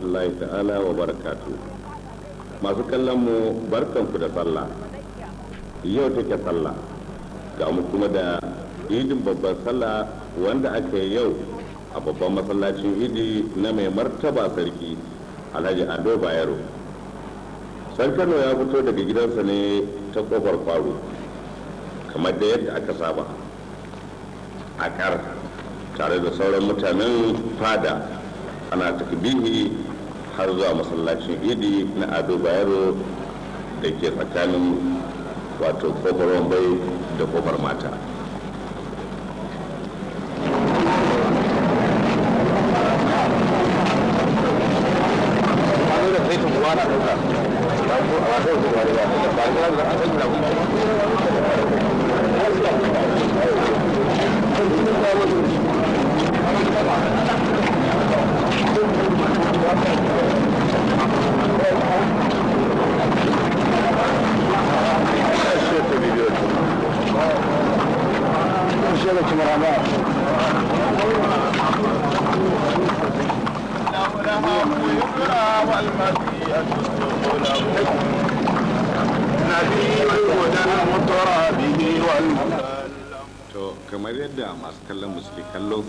rahmatullahi ta'ala wa barakatu masu kallon mu barkanku da sallah yau take sallah ga mu kuma da idin babban sallah wanda aka yi yau a babban masallacin idi na mai martaba sarki alhaji ado bayero sarkano ya fito daga gidansa ne ta kofar faru kamar da yadda aka saba a kar tare da sauran mutanen fada ana takbihi har zuwa masallacin idi na ado bayero da ke tsakanin wato kofar wambai da kofar mata to kamar yadda masu kallon mu suke kallo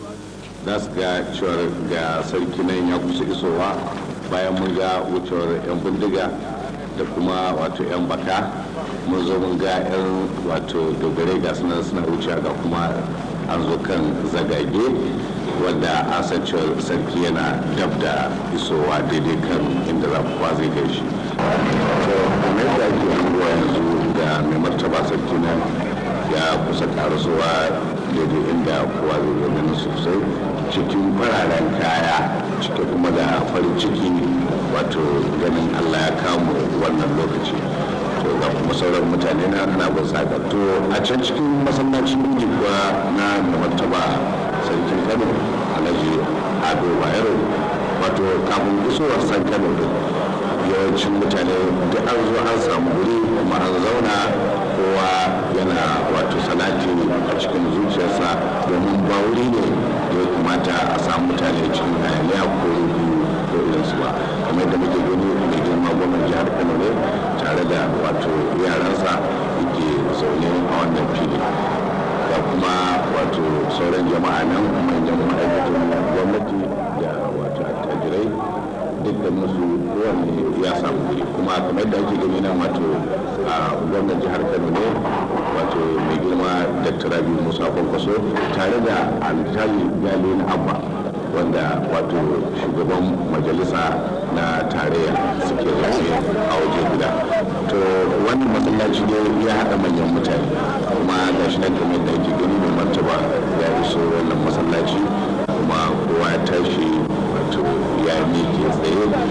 za su ga cewar ga sarki nan ya kusa isowa bayan mun ga wucewar yan bindiga da kuma wato yan baka mun zo mun ga yan wato dogare ga suna suna wucewa ga kuma an zo kan zagage wanda an san cewar sarki yana dab da isowa daidai kan inda za ku zai gaishe. to kamar yadda ake yanzu da mai martaba sarki na ya kusa zuwa daidai inda kowa zai zo gani sosai cikin fararen kaya cike kuma da farin ciki wato ganin allah ya kamu wannan lokaci to ga kuma sauran mutane na ana gusaka to a can cikin masallacin jikwa na martaba sarki kano alhaji ado bayero wato kafin kusurwar san kano yawancin mutane da an zo an samu wuri kuma an zauna kowa yana wato salati a cikin zuciyarsa domin ba wuri ne da ya kamata a samu mutane cikin hayaniya ko ko su ba kamar da muke gani mai girma gwamnati jihar kano ne tare da wato yaransa yake zaune a wannan fili da kuma wato sauran jama'a nan manyan ma'aikatan gwamnati duk da musu kowane ya samu kuɗi kuma kamar da ake gani nan wato a gwamnan jihar kano ne wato mai girma da turabi musa kwankwaso tare da alkali gali na abba wanda wato shugaban majalisa na tarayya suke zaune a waje guda to wani masallaci ne ya haɗa manyan mutane kuma ga shi nan kamar da ake gani mai martaba ya iso wannan masallaci kuma kowa ya tashi wato yi ke tsaye don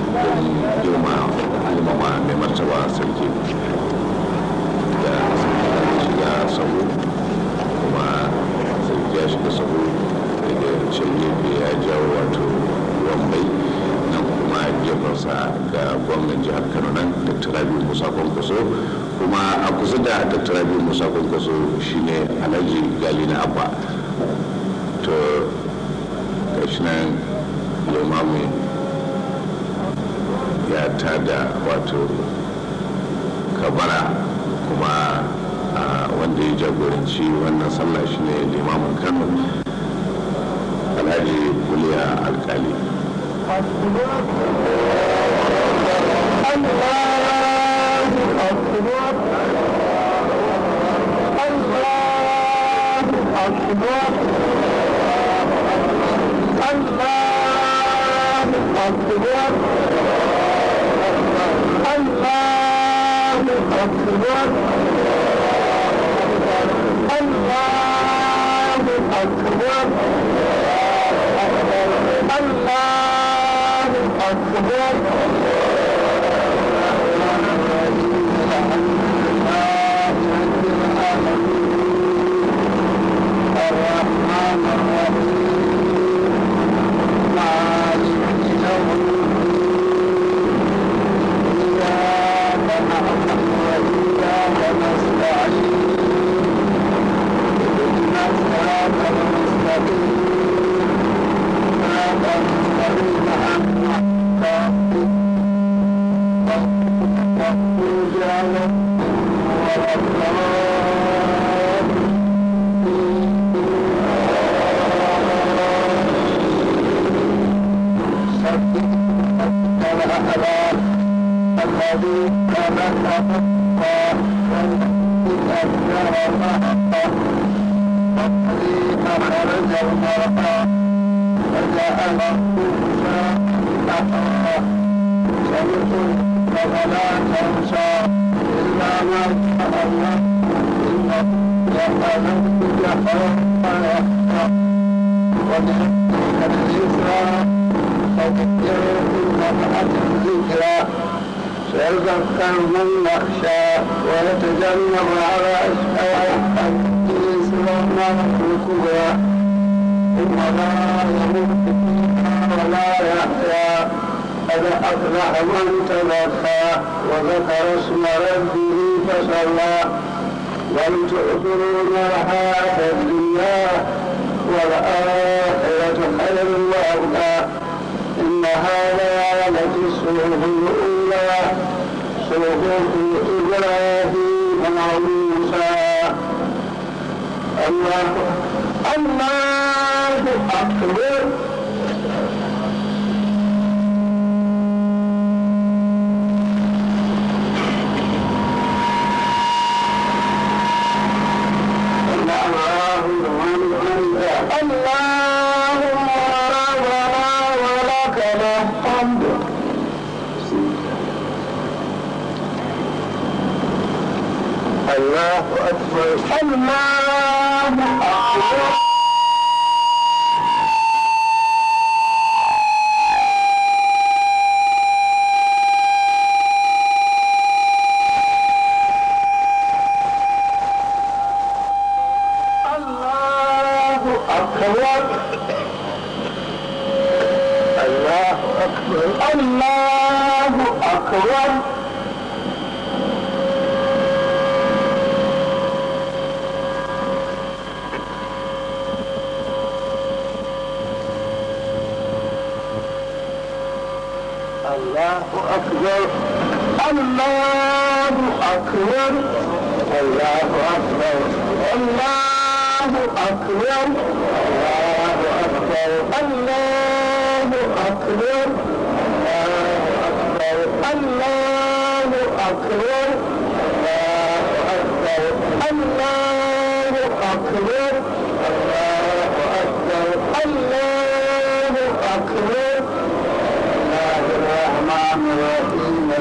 girma girmama mai martaba sarki da shiga sauro kuma sarki ya shiga sauro daga shirye ya jawo wato ruwan mai nan kuma gefensa ga gwamnan jihar kano nan da turabi musa kwankwaso kuma a kusa da da turabi musa kwankwaso shine alhaji gali na abba to shi nan imamu ya da wato kabara kuma wanda ya jagoranci wannan sallah shine limamin kano alhaji kuliya alkali أكبر الله أكبر وبالذكر اليسرى فذكروا بالمرأة الذكرى فالبحر من يخشى ويتجنب على أشقى التي سواهما الكبرى ثم لا يموت فيها ولا يحيا قد أفلح من تزكى وذكر اسم ربه فصلى بل تؤثرون الحياة الدنيا والآخرة خير وأبقى إن هذا لفي سيكون إبراهيم وموسى الله الله أكبر اللهم ربنا ولك الحمد الله أكبر الله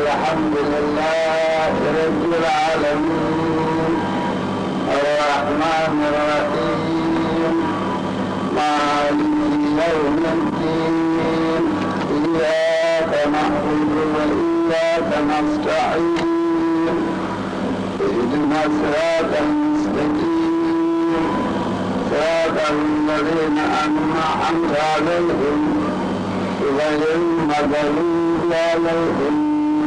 الحمد لله رب العالمين الرحمن الرحيم مالي يوم الدين إياك نعبد وإياك نستعين اهدنا صراط المستقيم صراط الذين أنعمت عليهم غير المغلوب عليهم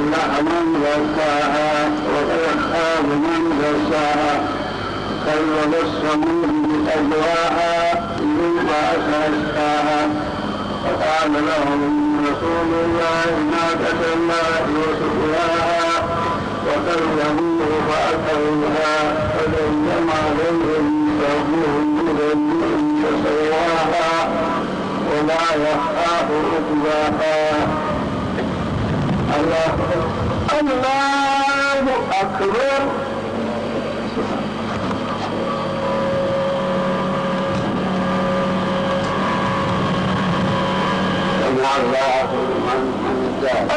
أفلح من زكاها وقد خاب من دساها كذب الصمود بأجواها من أسعدتها فقال لهم رسول الله ناقة الله وسقياها وكذبوه فأكلوها فدمدم عليهم ربهم بذنبهم فسواها ولا يخاف عقباها الله الله أكبر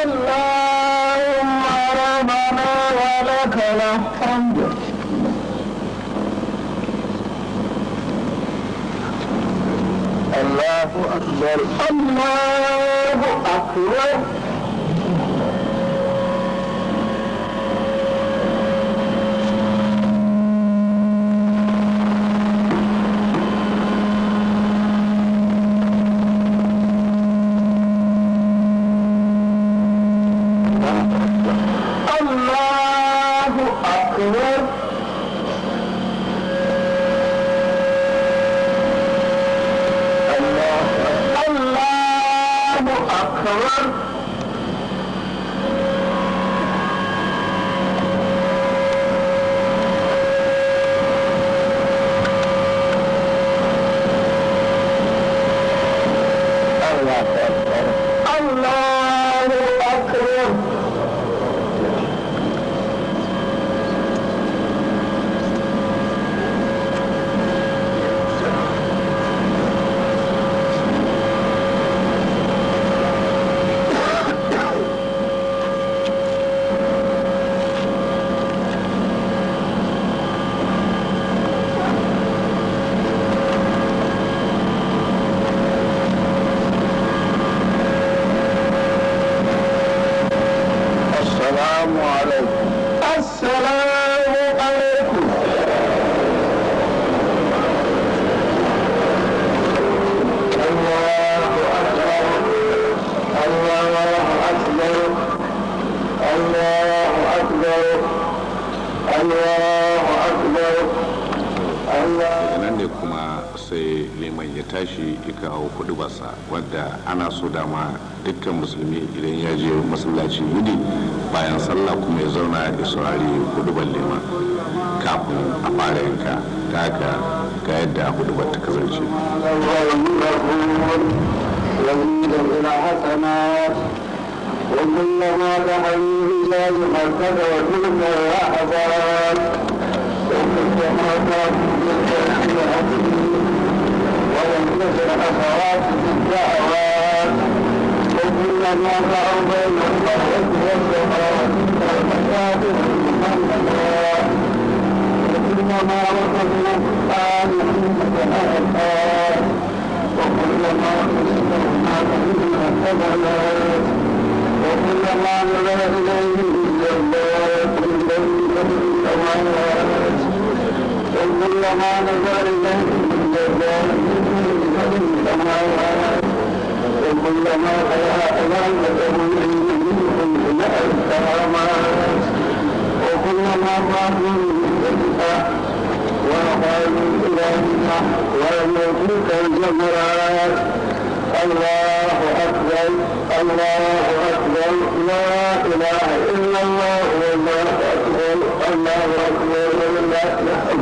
اللهم ربنا ولك الحمد الله أكبر الله أكبر السماوات وكل ما تحمله زاد مركز وكل ما حصاد وكل ما تحمله من عظيم ولم تزل اثرات الدعوات وكلما ما دعوا بين الصحوه والزهرات والمساجد من الله وكلما وصلنا القران وكلما وصلنا من السماوات وكل ما نزل إليه إلا الله الذي له السماوات وكل ما نزل إليه إلا الله الذي له السماوات وكل ما من السماوات وكل ما قاموا بالسماء وقالوا إلهنا ويموتوك الجبرات الله الله أكبر لا إله إلا الله والله أكبر الله أكبر ولله الحمد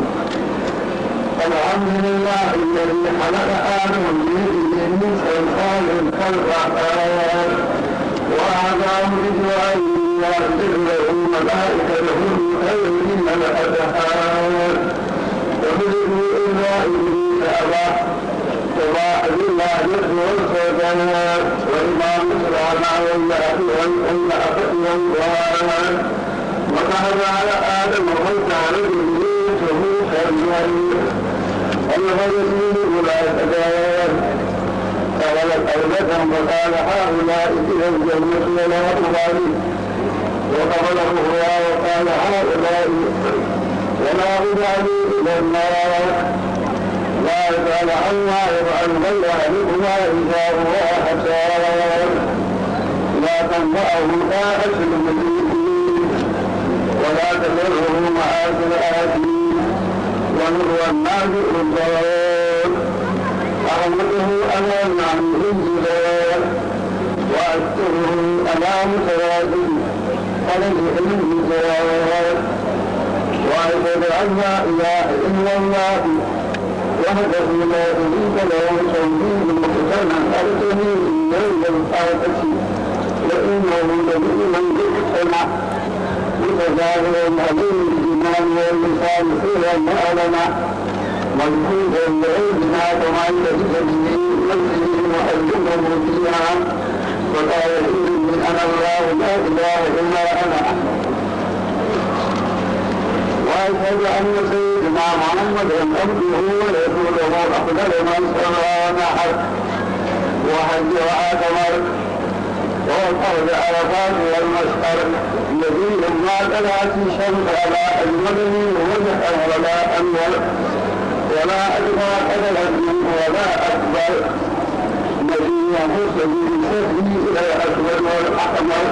الحمد لله الذي خلق آدم بيده سلطان خلق آيات وأعطاه إبراهيم له ملائكته وسلم على آدم ومن كان بذريته سميا أيها الذين أولئك الآيات فغلت أولادهم فقال هؤلاء إلى الجنة ولا أبالي وقبل أخرى وقال هؤلاء ولا أبالي إلى النار لا يسأل عما يفعل بل أهلكما إذا هو أحسان لا تنبأه لا أسلم به يضره معاذ الآتين وهو النادئ الضرور أغلقه أنا العمد الجبال وأكثره أنا متواضع فلجئ بالجوار وأشهد أن لا إله إلا الله وحده لا شريك له توحيد مقتنع من ليلا الآتة وإنه من ذكر جزاؤه العظيم بالإيمان والمصالحين والمعلمة مجهود لعلمها ومعرفة سبيله مسجد وحجبه فيها وقال من أنا الله لا إله إلا أنا وأشهد أن سيدنا محمدا عبده ورسوله أفضل من صلى ونحر وحج وآتمر ووقف بعرفات والمسأل يزيد ما طلعت شمس على المدن ووجها ولا أنور ولا أدبر قبل ولا أكبر الذي ينقص بجسده إلى الأكبر والأحمر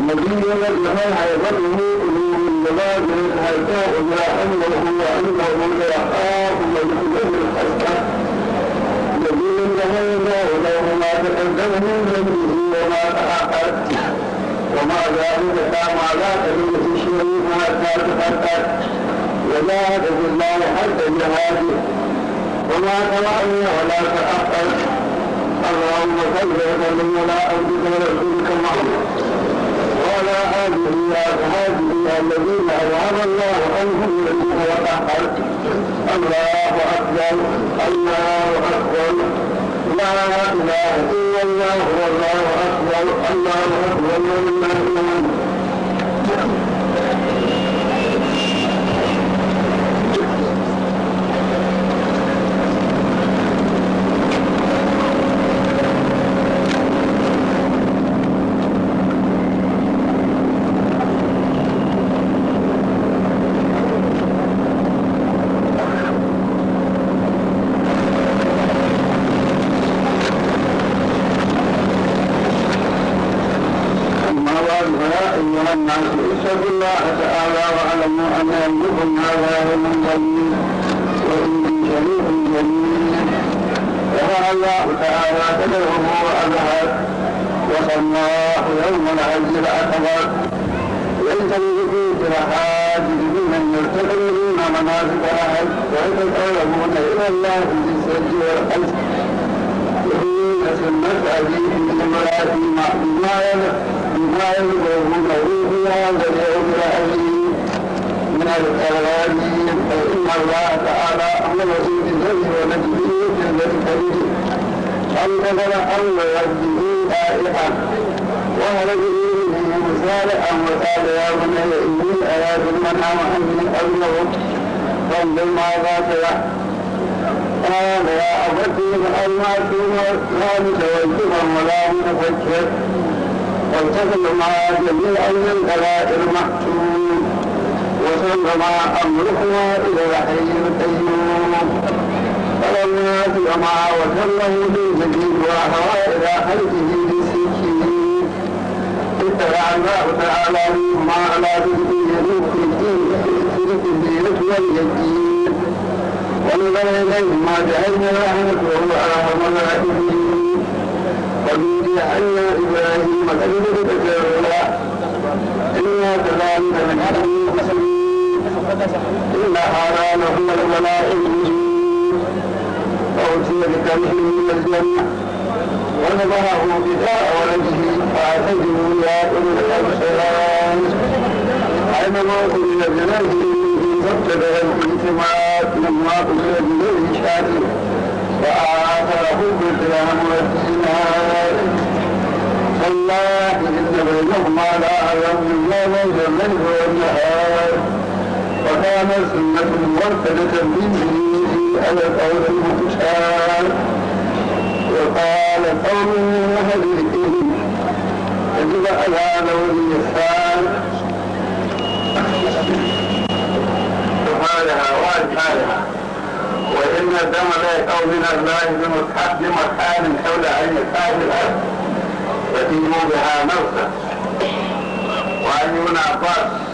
الذي يجعل حيضته قلوب الجباب يتهيأ إلى أنه وأنه ليحاول الله له ما تقدم من ذنبه وما تأخر وما ذلك كما لا تجد في شيء ما تقدم وجاهد بالله حتى جهاده وما تراني ولا تأخر اللهم صل وسلم على عبدك ورسولك محمد وعلى آله وأصحابه الذين أنعم الله عنهم بالجنة وتأخر الله أكبر الله أكبر الله لا إله إلا الله والله أكبر الله أكبر لله الله تعالى أن وزير الذي ونجده جنة كريم أن نزل أن نوجه آئحا وهرجه منه مسارعا وقال يا بني إني أرى بالمنام أني أبلغ فانظر ماذا ترى قال يا أبتي فأن ما لا توجها ولا متفكر والتزم مع جميع الكبائر محسوبة وسلم أمره إلى حي القيوم فلما سلما وسلم بالمجيد وأهوى إلى خلقه بالسكين اتبع الله تعالى منهما على ذكر يدوك في الدين في الدين واليدين ونظر ما جعلنا رحمته على ملائكته وبيد أن إبراهيم قد بدت إنا كذلك نحن هكذا إن هذا لهو البلاء المجيد فأوتي بكره من الجنة ونظره بداء ولده فاعتدوا يا أولي الأبصار أين موطن بلده فاتبع الانتماء مما أسر بلده شاكر فآثره بالقيام والسماء صلى إن بينهما لا يوم الليل والنهار وكان سنة مرتدة منه على قول المختار وقال قوم هذه يجب على لون اليسار سبحانها وأجمالها وإن الدم لا يقوم من الله بمكان حول عين يسار الأرض فتجموا بها موسى وعن ابن عباس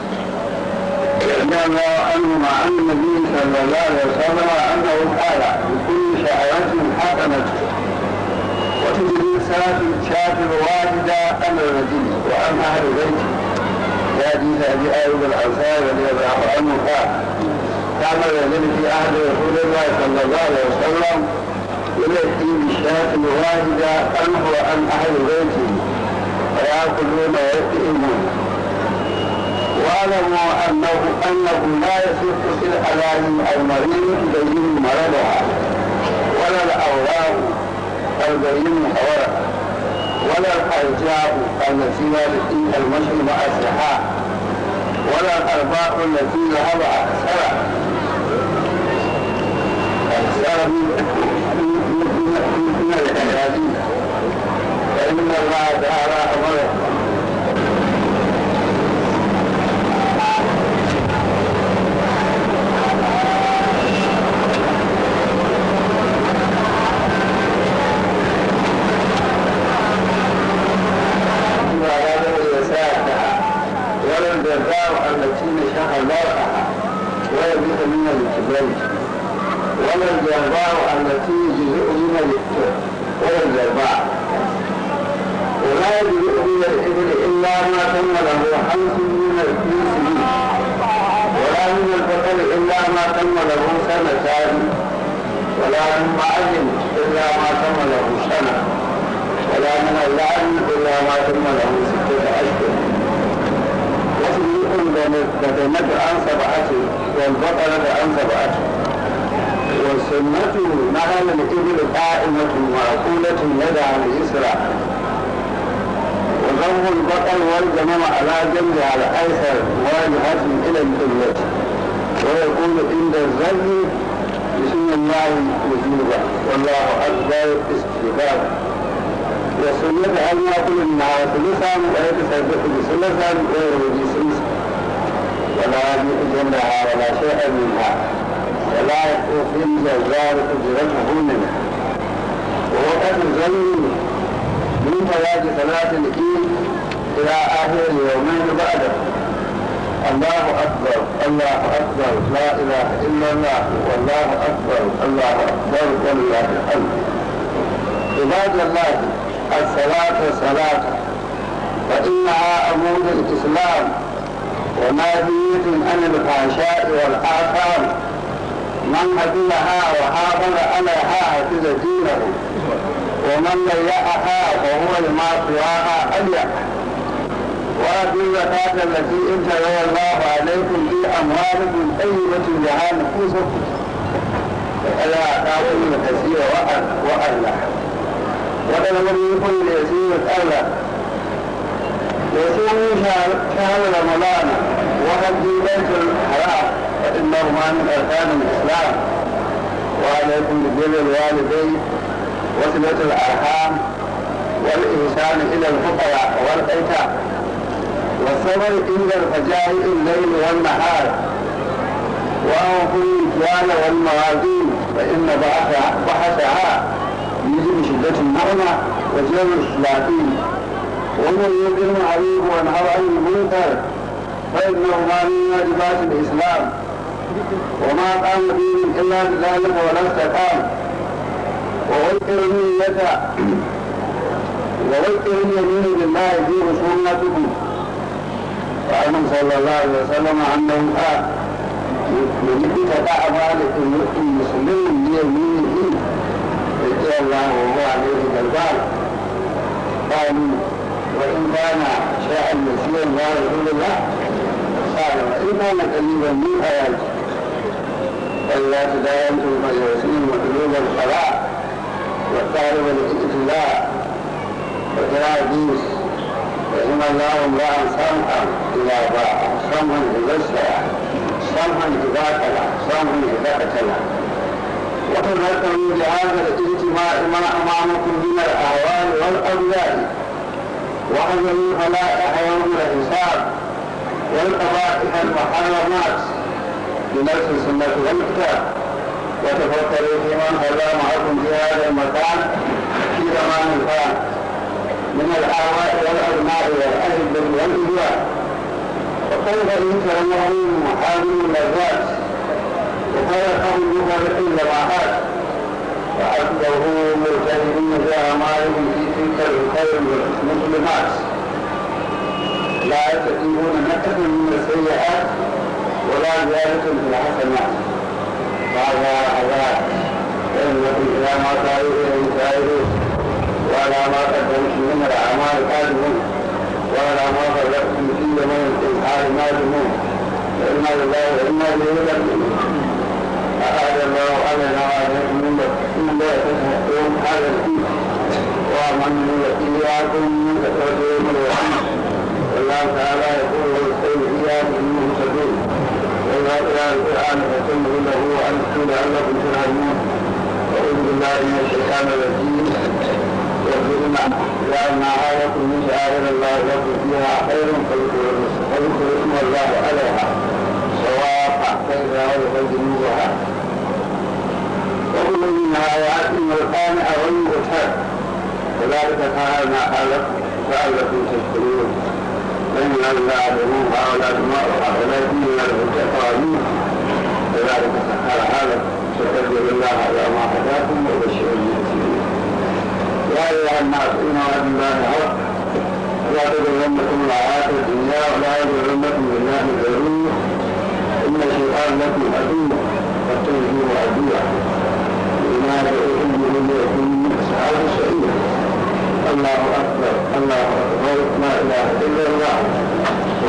استعلم أن عن النبي صلى الله عليه وسلم أنه قال لكل شعرة حسنة وتجد شاة واحدة أمر الرجل وأم أهل بيته حديث ابي ايوب الأنصار رضي الله عنه قال كان الرجل في عهد رسول الله صلى الله عليه وسلم ياتي بالشاة الواحدة أنه عن أهل بيته فيأكلون ويتئمون واعلموا انه انه لا يصح في الحلال المريض مريض مرضها ولا الاوراق تبين حورها ولا الارجاء التي لا تقيها المشي مع ولا الارباح التي ذهب اكثرها اكثر من من الحلالين فان الله تعالى امره الله أكبر استكبار وسنة أن يأكل النار ثلثا ويتصدق بثلثا غير بثلث ولا يؤذي ولا شيئا منها ولا يطوف الجزار أجرته منه ووقت الزمن من فوات صلاة الإيد إلى آخر اليومين بعده الله أكبر الله أكبر لا إله إلا الله والله أكبر الله أكبر ولله الحمد عباد الله الصلاة صلاة فإنها عمود الإسلام ونادية عن الفحشاء والآثام من حفظها وحافظ عليها حفظ دينه ومن ضيعها فهو لما سواها أليق وآتوا الزكاة التي امتنع الله عليكم في أموالكم طيبة لها نفوسكم فلا تعبدون كثير وألا وتنظر يكون ليسير الله يصوم شهر رمضان وقد في بيت الحرام فإنهما من أركان الإسلام وعليكم بذل الوالدين وصلة الأرحام والإحسان إلى الفقراء والأيتام والصبر إلا الفجائع الليل والنهار وأوفوا المكيال والموازين فإن بحثها يجب شدة النعمة وجل الشياطين ومن ينكر المعروف وينهى عن المنكر فإنه ما من واجبات الإسلام وما قام به إلا بذلك ولا استقام ووكل نيته ووكل اليمين بالله في رسول وعن صلى الله عليه وسلم أنه قال يجدك كعبة لتملك المسلمين بيمينه رضي الله عليه بالبال قالوا وإن كان شاء يسيرا يا رسول الله قال وإن كان قريبا من حياته فإذا تداينتم فليسير مطلوب الصلاة والطالب الاقتلاع وترى الدين فإن الله لا صمحا إلا باع صمحا إذا اشترى صمحا إذا تلا صمحا إذا تلا وتذكروا لهذا الاجتماع ما أمامكم من الأهوال والأولاد وحذروا فلائح يوم الحساب والقبائح المحرمات بنفس السنة والكتاب وتفكروا فيمن هذا معكم في هذا المكان في زمان الفان من الآراء والأبناء والأجدة والإجواء وكيف ينكر المؤمن محارم اللذات وخلقه بخلق اللواحات وعبده ملتزمين بأعماله في تلك الخير المسلمات لا يستطيعون نكثا من السيئات ولا زيادة في الحسنات هذا هذا كلمة إلى ما تعود إليه وعلى ما قدمت من الاعمال كاذبون وعلى ما فرقت في يوم الحال نادمون فانا لله وانا اليه راجعون أعاد الله علينا وعليكم من من لا تستطيعون هذا الدين ومن يأتيكم من تستطيعون الوحيد والله تعالى يقول والخير إياكم من سبيل وإذا قرأ القرآن فسمعوا له وأنتم لعلكم ترحمون أعوذ بالله من الشيطان الرجيم يذكرنا لأن عادة من الله لكم فيها خير فاذكروا اسم الله عليها صواب فإذا ويخرجوها وكل منها آيات القانع والمبشر كذلك فعلنا خلقكم فعلكم تشكرون لم يعلم آدمون ولا دماؤها ولكن يعلم الشيطانين كذلك سخرها لكم شكرا لله على ما هداكم وبشر المؤمنين يا أيها الناس إنما لله حق لا تغرنكم الحياة الدنيا ولا يغرنكم بالله الغرور إن الشيطان لكم عدو فاتخذوه عدوا بما يدعوكم بغيركم أسعاد السعير الله أكبر الله أكبر لا إله إلا الله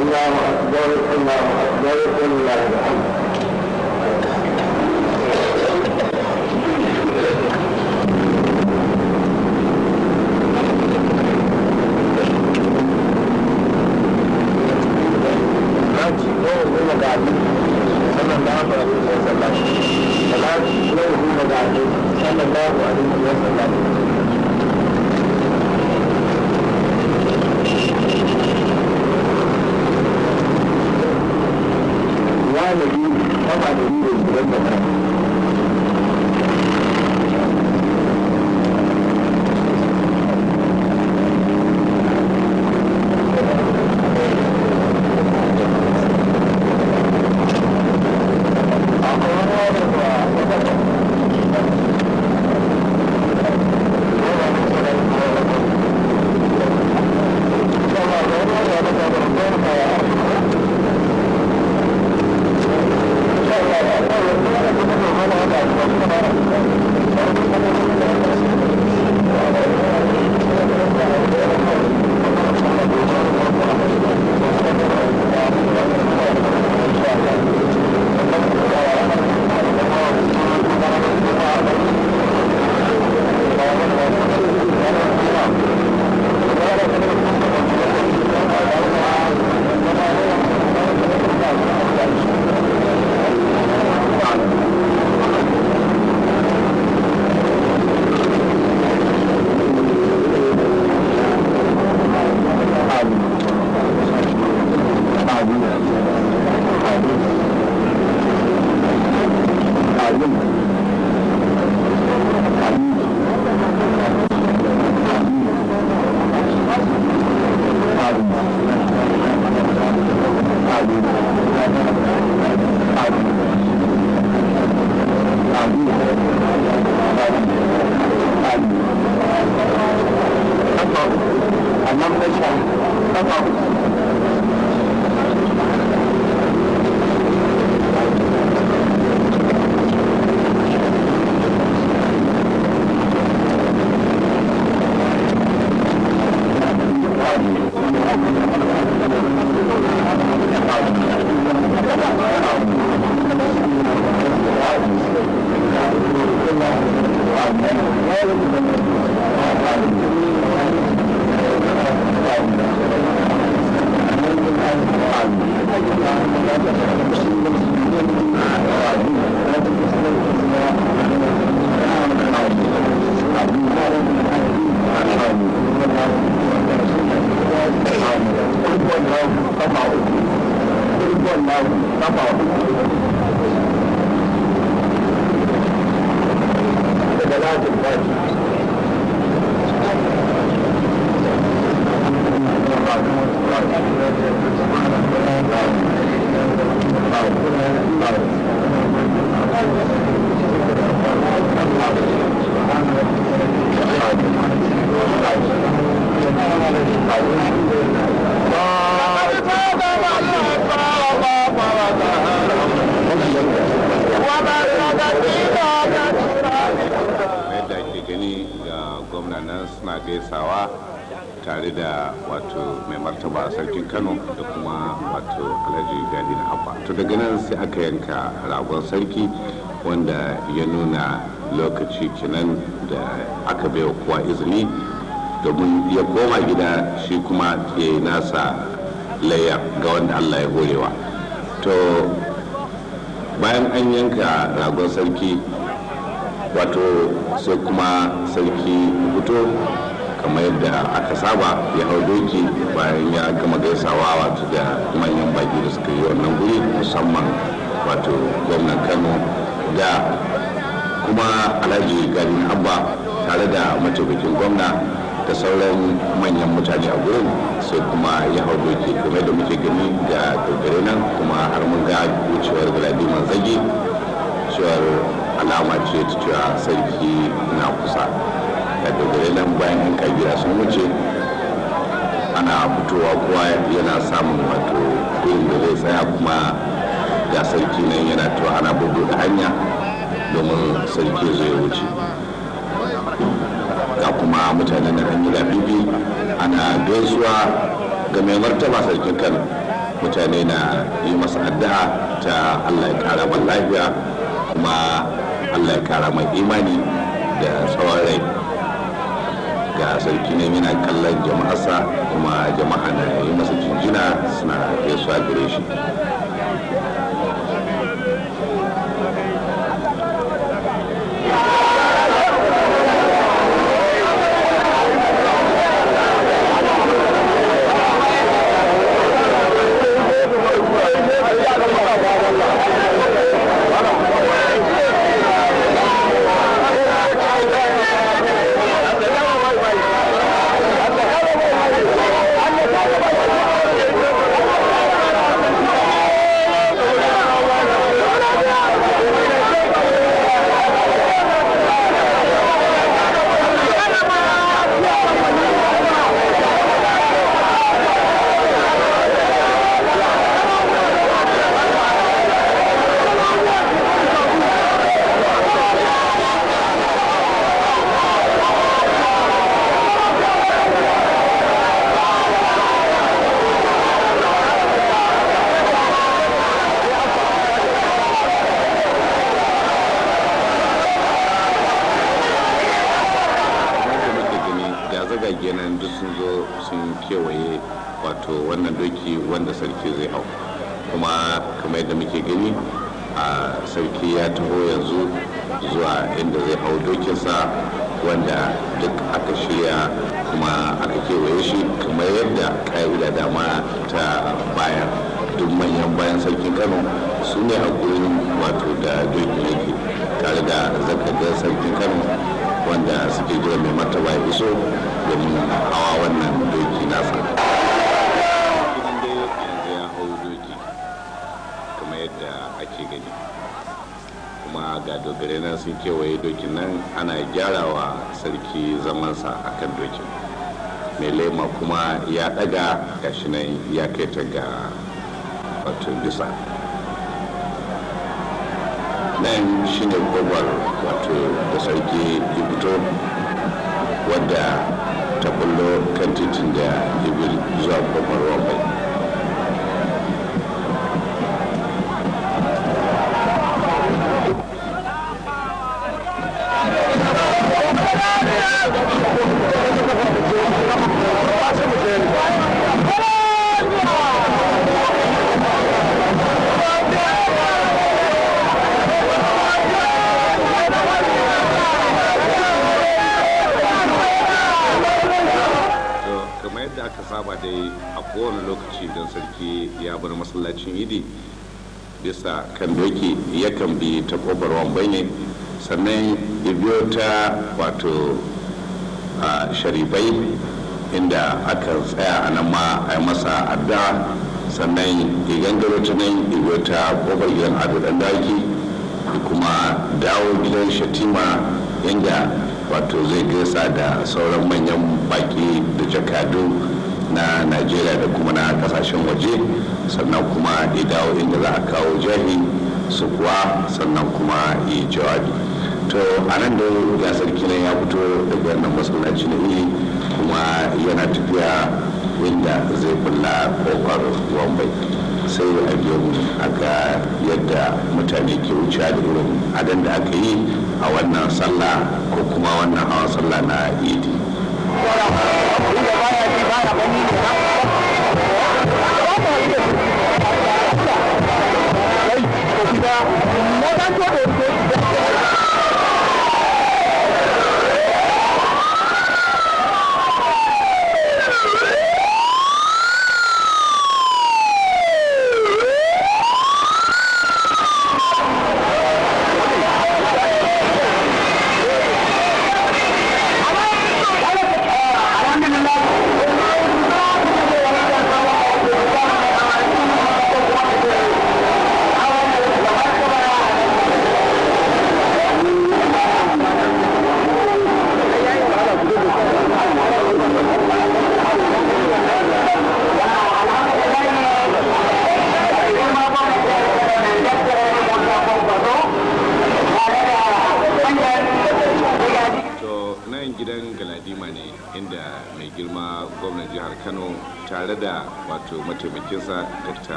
الله أكبر الله أكبر ولله الحمد suna nan suna gaisawa tare da wato mai martaba sarkin kano da kuma wato alhaji gadi na abba to daga nan sai aka yanka ragon sarki wanda ya nuna lokaci kenan da aka baiwa kowa izini domin ya koma gida shi kuma ya nasa layar ga wanda allah ya horewa to bayan an yanka ragon sarki wato sai kuma sarki fito kamar yadda aka saba ya hau doki bayan ya gama gaisawa wato da manyan baki da suka yi wannan guri musamman wato gwamnan kano da kuma alhaji garin abba tare da mataimakin gwamna da sauran manyan mutane a gurin sai kuma ya hau doki kuma da muke gani da dogare nan kuma har mun ga wucewar galadima zage cewar alama ce ta cewa sarki na kusa da nan bayan yan kabila sun wuce ana fitowa kuwa yana samun wato kudin da zai tsaya kuma ya sarki nan yana tuwa ana bugu da hanya domin sarki zai wuce ga kuma mutane na hanyar yi bibi ana gaisuwa ga mai martaba sarkin kano mutane na yi masa addu'a ta allah ya kara lafiya kuma allah ya kara mai imani da tsawon rai ga sarki ne mina kallon jama'arsa kuma jama'a na yi masa jinjina suna gaisuwa gare shi wannan doki wanda sarki zai hau kuma kamar yadda muke gani a sarki ya taho yanzu zuwa inda zai hau dokinsa wanda duk aka shirya kuma aka kewaye shi kamar yadda ka'ida dama ta baya duk manyan bayan sarkin kano su ne a gurin wato da doki yake tare da zakagar sarkin kano wanda suke jira mai martaba iso domin hawa wannan doki nasa ake gani kuma ga dogare nan sun kewaye dokin nan ana gyarawa sarki zamansa a kan dokin mai laima kuma ya daga gashi nan ya kai ta ga batun bisa nan ne gobar wato da sarki ya fito wadda ta bullo kan titin da ya zuwa gobar wambai aka saba dai a kowane lokaci don sarki ya bar masallacin idi bisa kan doki yakan bi ta kofar wambanye sannan ya biyo ta wato a sharifai inda aka tsaya a nan ma a masa adda sannan ya gangaro ta nan ta kofar gidan ado dan daki kuma dawo gidan shatima inda wato zai gasa da sauran manyan baki da jakadu na najeriya da kuma na kasashen waje sannan kuma ya dawo inda za a kawo jahi su kuwa sannan kuma yi jawabi to a nan da ya sarki nan ya fito daga wannan masallaci ne kuma yana tafiya inda zai kula kokar wambai sai a biyo a yadda mutane ke wuce da irin adan da aka yi a wannan sallah ko kuma wannan hawa sallah na idi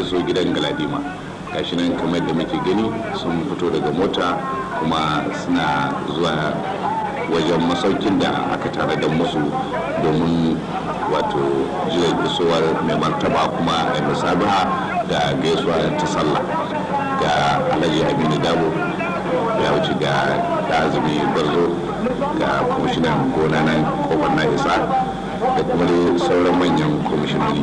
iso gidan galadima gashi nan kamar da muke gani sun fito daga mota kuma suna zuwa wajen masaukin da aka tare da musu domin wato jiya isowar mai martaba kuma a musabaha da gaisuwa ta sallah ga alhaji aminu dabo ya wuce ga azumi barzo ga kwamishinan gona nan kofar na isa da kuma sauran manyan kwamishinoni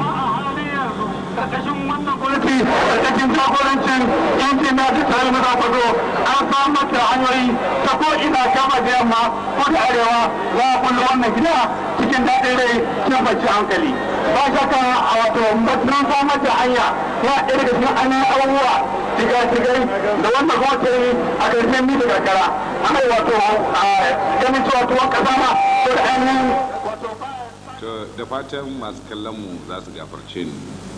yi cikin jagorancin injina da tare na zafago an samar da hanyoyi ta ko ina kama da yamma ko da arewa za a kullu wannan gida cikin daɗin rai cikin bacci hankali ba shakka a wato mun samar da hanya ya ɗaya daga cikin an yi abubuwa shiga-shigai da wannan gwamnati a ƙarshen mi karkara ana wato a ganin cewa tuwon ƙasa ma ko da ainihin wato to da fatan masu kallon mu za su gafarce ni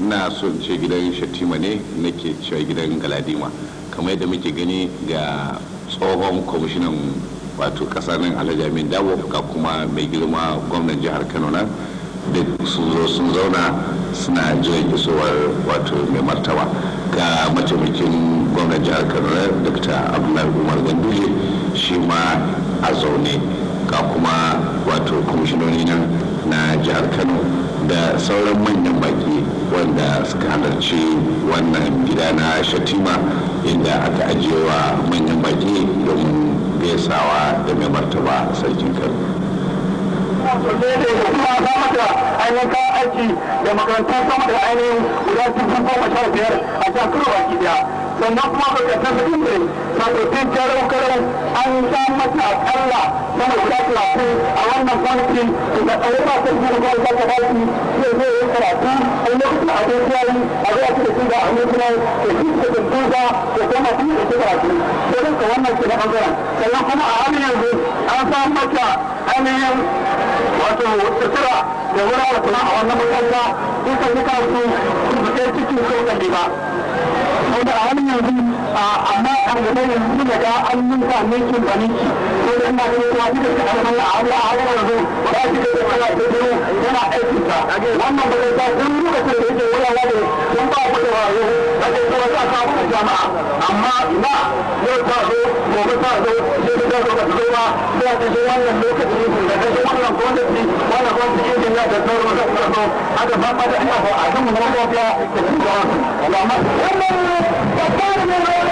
ina son ce gidan shatima ne nake ce gidan galadima kamar da muke gani ga tsohon kwamishinan wato kasa nan alhaji amin dawo ga kuma mai girma gwamnan jihar kano nan da sun zo sun zauna suna jiran isowar wato mai martaba ga mataimakin gwamnan jihar kano nan dr abdullahi umar ganduje shi ma a zaune ga kuma wato kwamishinoni na na jihar kano da sauran manyan baki wanda suka halarci wannan gida na shatima inda aka ajiyewa manyan baki domin gaisawa da mai martaba sarkin kano ainihin kayan aiki da makarantar sama da ainihin guda dubu goma sha biyar a jihar kano baki daya sannan kuma ba ka san su ne sababbin jarau karau an sa mata akalla sama guda talatin a wannan bankin su da ɗaya ba ta biyu ba za ka ba shi zai zai yi karatu a lokacin a zai kiyayi a zai ake da su da a ne kuma da shi da bin duba da kuma su da shi karatu da ka wannan ke na ɓangaren sannan kuma a halin yanzu an sa mata ainihin wato sutura da wasu kuma a wannan makaranta duka dukansu su fitar cikin sauƙaƙi ba àwọn ènìyàn bí amma ɗalibai yanzu da ga an yi ne ke wani ki ko dan ba ki kuwa kika ka alman a abu a abu yanzu ba ki da kana da dole yana aikin ka wannan ba zai sa duk lokacin da yake wala wala kun ba ku da wayo a zai kuma sa ka ku jama'a amma ina ne ta zo gobe ta zo sai da zo ka zo ba sai a zo wannan lokaci da ka zo wannan gwamnati wannan gwamnati din ya da sauran da ka zo aka ba ba da ina ba a kan mu na gwamnati da kuma wannan babbar ne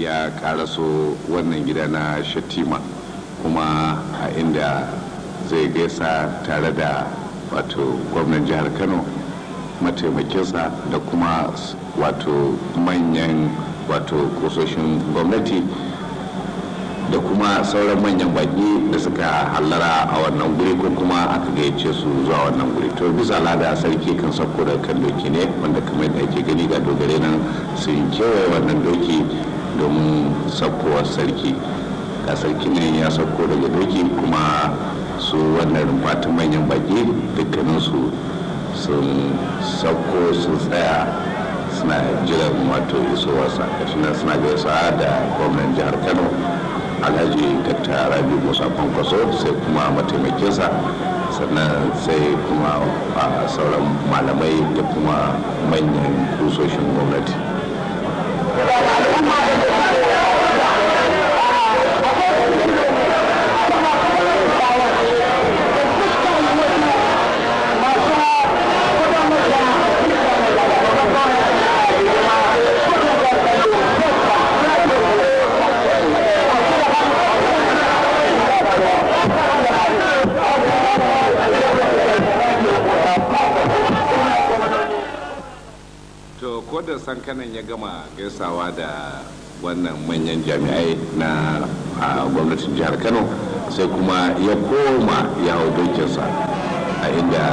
ya so wannan gida na shatima kuma a inda zai gaisa tare da wato gwamnan jihar kano mataimakinsa da kuma wato manyan wato kusoshin gwamnati da kuma sauran manyan baki da suka hallara a wannan guri ko kuma aka gayyace su zuwa wannan guri to bisa al'ada sarki kan sauko da kan doki ne wanda kamar da ake gani ga dogare nan sun kewaye wannan doki domin saukowar sarki ga sarki ne ya sauko daga doki kuma su wannan rumfatin manyan baki dukkaninsu sun sauko sun tsaya suna jiran wato isowa sakashinan suna sa'a da gwamnan jihar kano alhaji dakta rabi musa kwankwaso sai kuma mataimakinsa sannan sai kuma a sauran malamai da kuma manyan kusoshin gwamnati san ya gama gaisawa da wannan manyan jami'ai na gwamnatin jihar kano sai kuma ya koma ya hau dokinsa a inda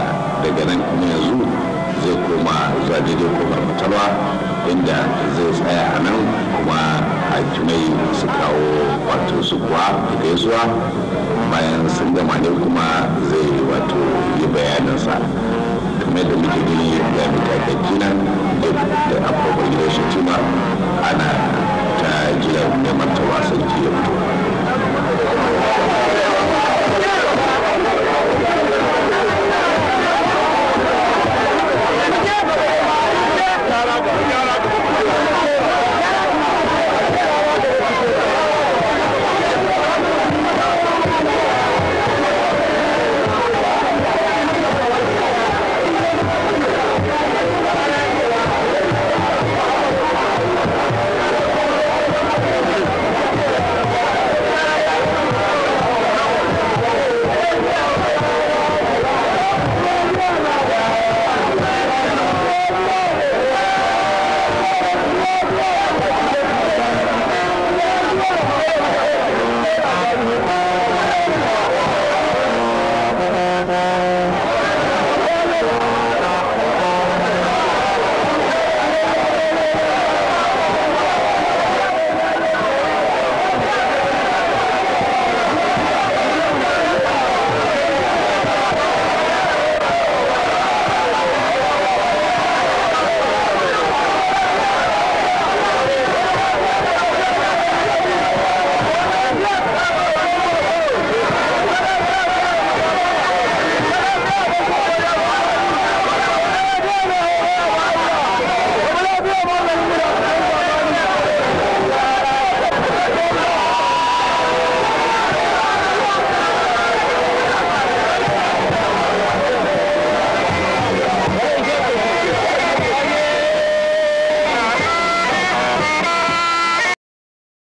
daga nan kuma yanzu zai koma zuwa daidai kofar matalwa inda zai tsaya a nan kuma kimai su kawo wato su kuwa da gaisuwa bayan sun gama ne kuma zai wato yi bayanansa kamar da muke gani da matakan nan da abubuwan gidan shi tuma ana ta jira mai martaba ya fito